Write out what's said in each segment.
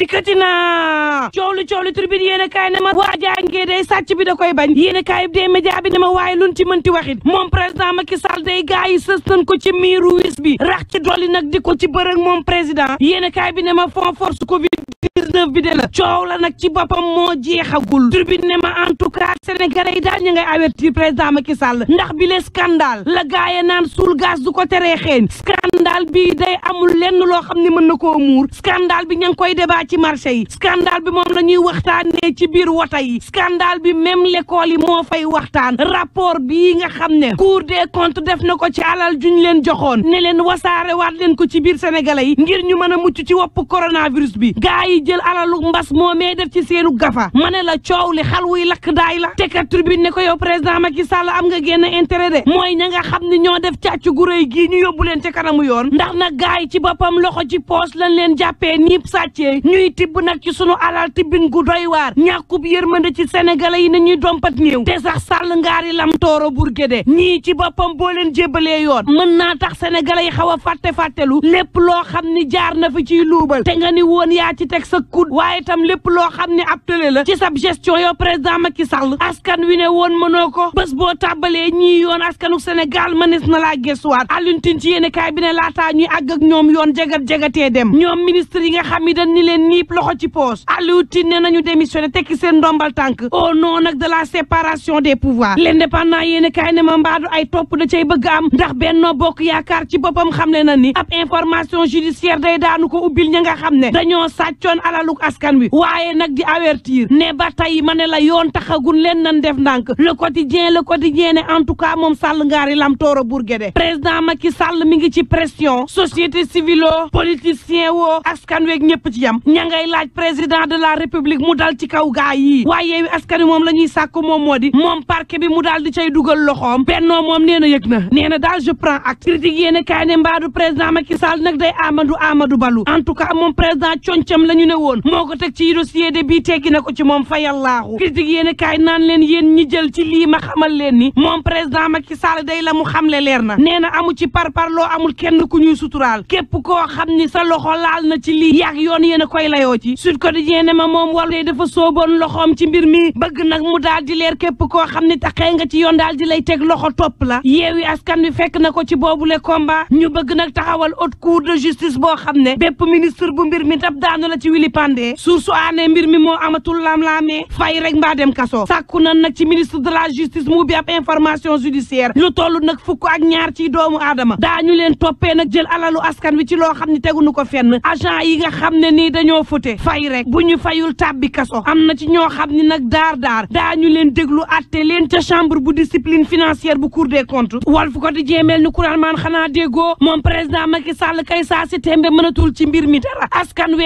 dikkati na coow lu coow lu tribune yéen a kaay ne ma waa jàngee day sàcc bi da koy bañ yéen a kaay dee média bi ne ma waaye luñ ci mënti waxit moom président ma Sall day gaa yi sës ko ci miiru wis bi rax ci dolli nag di ko ci bërëg moom président yéen a kaay bi ne ma fond force covid preuve bi de coow la nag ci boppam moo jeexagul tribune ne ma en tout cas sénégalais yi daal ñu ngay avertir président Macky ndax bi le scandale la gaaya naan suul gaz du ko teree xeeñ scandale bi day amul lenn loo xam ne mën na koo muur scandale bi ña koy débat ci marché yi scandale bi moom la ñuy waxtaanee ci biir wota yi scandale bi même l'école yi moo fay waxtaan rapport bii nga xam ne cour de kont def na ko ci alal juñ leen joxoon ne leen wasaare waat leen ko ci biir sénégalais yi ngir ñu mën a mucc ci wopp coronavirus bi alalu mbas moo mee def ci seenu gafa ma ne la coow li xal wuy lakk daay la te kat ne ko yow président i Sall am nga génn intérêt de mooy ña nga xam ne ñoo def càcc gu rëy gii ñu yóbbu leen ca kanamu yoon ndax nag gaay ci boppam loxo ci poos lan leen jàppee nii sàccee ñuy tibb nag ci sunu alal tibbin gu doy waar ñàkkub yërmande ci sénégalais yi ñuy dompat néew te sax sàll ngaari lam tooro burgéde ñii ci boppam boo leen jébalee yoon mën naa tax sénégalais yi xaw a fàtte fàttelu lépp loo xam ni jaar na fi ciy luubal nga ni woon yaa ci teg sa coûte waaye itam lépp loo xam ne ab tële la ci sab gestion yow président Macky Sall askan wi ne woon mënoo ko bés boo tàbbalee ñii yoon askanu Sénégal mënees na laa gëstuwaat Alioune Tine ci yéene kaay bi ne laataa ñuy àgg ak ñoom yoon jagat jagatee dem ñoom ministre yi nga xam ni dañ ni leen nii loxo ci poos Alioune Tine ne nañu démissionné tekki seen ndombal tànk au nom nag de la séparation des pouvoirs l'indépendant yéene kaay ne ma mbaadu ay topp da cay bëgg am ndax Benno Bokk Yaakaar ci boppam xam na ni ab information judiciaire day daanu ko ubbil wàlluk askan wi waaye nag di avertir ne ba tey ma ne la yoon taxagun leen nan def ndànk le quotidien le quotidien en tout cas moom Sall ngaari lam tooro Bourguédé président Macky Sall mi ngi ci pression société civile oo politicien woo askan weeg ñëpp ci yam ña ngay laaj président de la république mu dal ci kaw gaa yi waaye askan wi moom la ñuy sàkk moom moo di moom parquet bi mu daal di cay dugal loxoom bennoo moom nee na yëg na nee na daal je prends acte critique yéene kaay mbaadu président en tout cas moom président concam la ñu ne moo ko teg ci dossier de bii teggi na ko ci moom fayallaahu critique yéen kaay naan leen yéen ñi jël ci lii ma xamal leen ni moom président Macky Sall day la mu xamle leer na nee na amu ci par par loo amul kenn ku ñuy suturaal képp koo xam ni sa loxo laal na ci lii yàgg yoon yéen koy layoo ci Sud Quotidien ne ma moom wal day dafa sooboon loxoom ci mbir mi bëgg nag mu daal di leer képp koo xam ni taxee nga ci yoon daal di lay teg loxo topp la yeewi askan wi fekk na ko ci boobule combat ñu bëgg nag taxawal haute cour de justice boo xam ne bépp ministre bu mbir mi dab daanu la ci wili àndee sursu aanee mbir mi moo amatul laam-laamee fay rek mbaa dem kaso sàkku nan nag ci ministre de la justice mu bi ab information judiciaire lu toll nag fukk ak ñaar ci doomu aadama daañu leen toppee nag jël alalu askan wi ci loo xam ni tegunu ko fen agent yi nga xam ne nii dañoo fute fay rek bu ñu fayul tàbbi kaso am na ci ñoo xam ni nag daar daar daañu leen déglu atte leen ca chambre bu discipline financière bu cour des comptes Walf ko di jéemeel ni kuraan maan xanaa déggoo moom président Macky Sall kay saa si ci mbir mi dara askan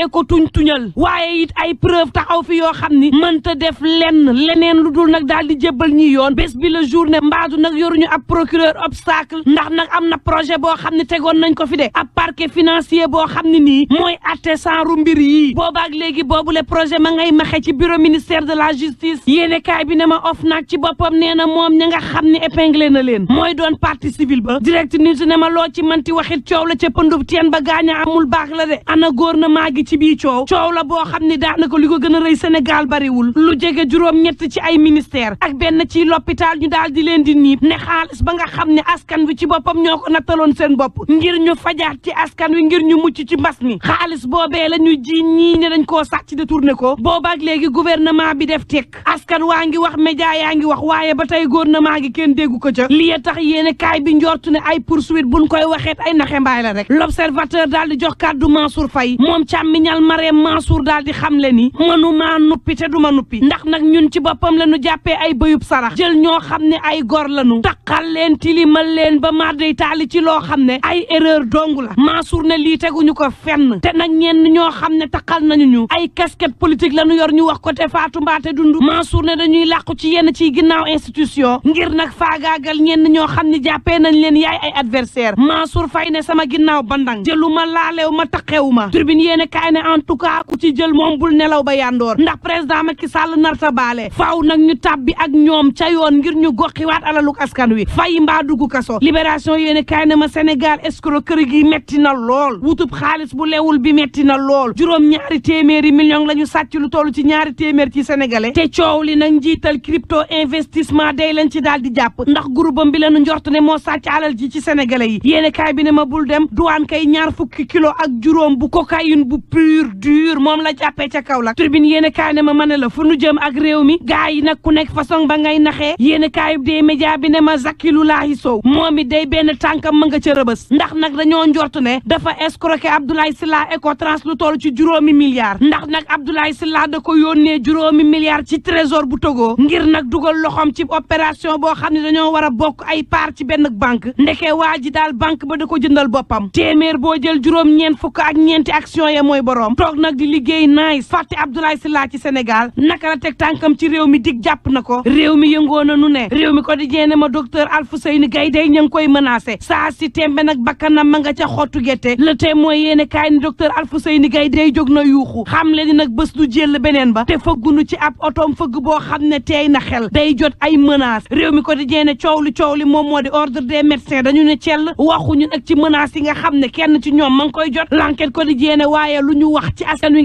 waaye it ay preuve taxaw fi yoo xam ni mënta def lenn leneen lu dul nag daal di jébbal ñi yoon bés bi la journée mbaadu nag yoruñu ab procureur obstacle ndax nag am na projet boo xam ne tegoon nañ ko fi de ab parquet financier boo xam ne nii mooy atte sanru mbir yi boobaak léegi boobule projet ma ngay maxe ci bureau ministère de la justice yéene kaay bi ne ma of nag ci boppam nee na moom ña nga xam ne épinglé na leen mooy doon partie civile ba ni nit ne ma loo ci manti waxit coow la ca pëndub teen ba gaañ amul baax la de ana gouvernement ci bii coow la boo xam ne daanaka li ko gën a rëy Sénégal bariwul lu jege juróom-ñett ci ay ministère ak benn ci l'hôpital ñu daal di leen di niib ne xaalis ba nga xam ne askan wi ci boppam ñoo ko nattaloon seen bopp ngir ñu fajaat ci askan wi ngir ñu mucc ci mbas mi xaalis boobee la ñu ji ñii ne dañ koo sàcc détourné ko boobaak léegi gouvernement bi def tekk askan waa ngi wax média yaa ngi wax waaye ba tey gouvernement gi kenn déggu ko ca li tax yéene kaay bi njortu ne ay poursuite buñ koy waxeet ay naxembaay la rek l'observateur daal di jox kàddu Mansour Faye moom càmmiñal Marème Mansour Mansour daal di xamle ni mënumaa nuppi te duma nuppi ndax nag ñun ci boppam la ñu jàppee ay bëyub sarax jël ñoo xam ne ay gor lañu taqal leen tilimal leen ba marday taali ci loo xam ne ay erreur dong la Mansour ne lii teguñu ko fenn te nag ñenn ñoo xam ne taqal nañu ñu ay casquette politique la ñu yor ñu wax ko te Fatou Mbaté ma Mansour ne dañuy làqu ci yenn ci ginnaaw institution ngir nag faagaagal ñenn ñoo xam ni jàppee nañ leen yaay ay adversaire Mansour Faye ne sama ginnaaw bandang jëlu ma laalew ma taqeewu ma tribune yéene kaay ne en tout cas ku ci jël moom bul nelaw ba yandoor ndax président Macky Sall narta baale faw nag ñu tàbbi ak ñoom ca yoon ngir ñu goxiwaat alaluk askan wi fay mbaa dugg kaso libération yéene kaay na ma Sénégal kër gi metti na lool wutub xaalis bu lewul bi metti na lool juróom ñaari téeméeri million la ñu sàcc lu toll ci ñaari téeméer ci sénégalais te coow li nag njiital crypto investissement day lañ ci daal di jàpp ndax groupam bi lañu njort ne moo sàcc alal ji ci sénégalais yi yéene kaay bi ne ma bul dem duwaan ñaar fukki kilo ak juróom bu bu moom la jàppee ca Kaolack turbine yéen a kaay ne ma ma ne la fu nu jëm ak réew mi gars yi nag ku nekk façon ba ngay naxee yéen a kaayub dee média bi ne ma zakkilu laahi sow moom it day benn tànkam ma nga ca rëbës ndax nag dañoo njort ne dafa escroquer Abdoulaye Sylla Ecotrans lu toll ci juróomi milliards ndax nag Abdoulaye Sylla da ko yónnee juróomi milliards ci trésor bu Togo ngir nag dugal loxoom ci opération boo xam ne dañoo war a bokk ay part ci benn banque ndeke waa ji daal banque ba da ko jëndal boppam téeméer boo jël juróom fukk ak ñeenti action ya mooy boroom nag liggéey nice fàtte Abdoulaye Sylla ci Sénégal naka la teg tànkam ci réew mi dig jàpp na ko réew mi yëngoo na nu ne réew mi ko di jeene ma docteur Alfousseyni Gaydé ña ngi koy menacé saa si tembe nag bakkanam ma nga ca xottu gerte le mooy yéene kaay ni docteur Alfousseyni Gaydé jog na yuuxu xam le ni nag bës du jël beneen ba te fëggunu ci ab otoom fëgg boo xam ne teey na xel day jot ay menaces réew mi ko di jeene coow li coow li moom moo di ordre des médecins dañu ne cell waxuñu nag ci menaces yi nga xam ne kenn ci ñoom ma ngi koy jot l'enquête ko di jeene waaye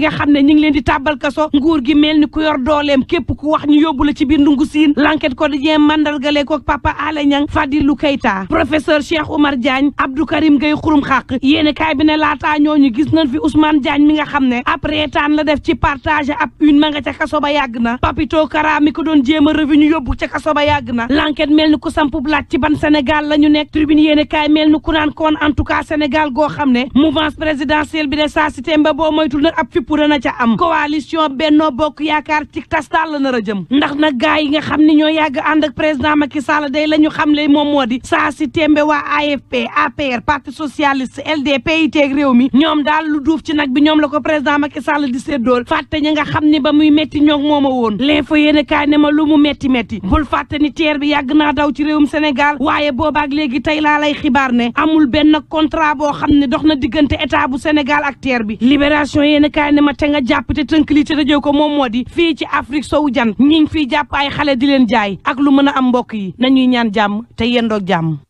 nga xam ne ñi ngi leen di tàbbal kaso nguur gi mel ni ku yor dooleem képp ku wax ñu yóbbu la ci biir ndungu siin l'enquête quotidien mandargale ko Papa Alé Niang Fadilou Keita professeur Cheikh Oumar Diagne Abdou Karim Gueye xurum xàq yéene kaay bi ne laataa ñooñu gis nañ fi Ousmane Diagne mi nga xam ne ab reetaan la def ci partage ab une ma nga ca kaso ba yàgg na Papito Kara mi doon jéem a revenu yóbbu ca kaso ba yàgg na l'enquête mel ni ku sampub laaj ci ban Sénégal la ñu nekk tribune yéene ku naan koon en tout cas Sénégal goo xam ne mouvance présidentielle bi de saa si temba boo moytul pour na ca am coalition Benno Bokk Yaakaar ci tas tàll nar jëm ndax nag gaay yi nga xam ni ñoo yàgg ànd ak président Macky Sall day la ñu xam le moom moo di saa si tembe waa AFP APR parti socialiste LDP yi teeg réew mi ñoom daal lu duuf ci nag bi ñoom la ko président Macky Sall di séddool fàtte ñi nga xam ni ba muy metti moom mooma woon lee l'info yéene kaay ne ma lu mu metti metti bul fàtte ni teer bi yàgg naa daw ci réewum Sénégal waaye boobaak léegi tey laa lay xibaar ne amul benn contrat boo xam ne dox na diggante état bu Sénégal ak bi libération ne ma te nga jàpp te tënk li te tëjee ko moom moo di fii ci Afrique sowu jan ñi ngi fiy jàpp ay xale di leen jaay ak lu mën a am mbokk yi nañuy ñaan jàmm te yendoog jàmm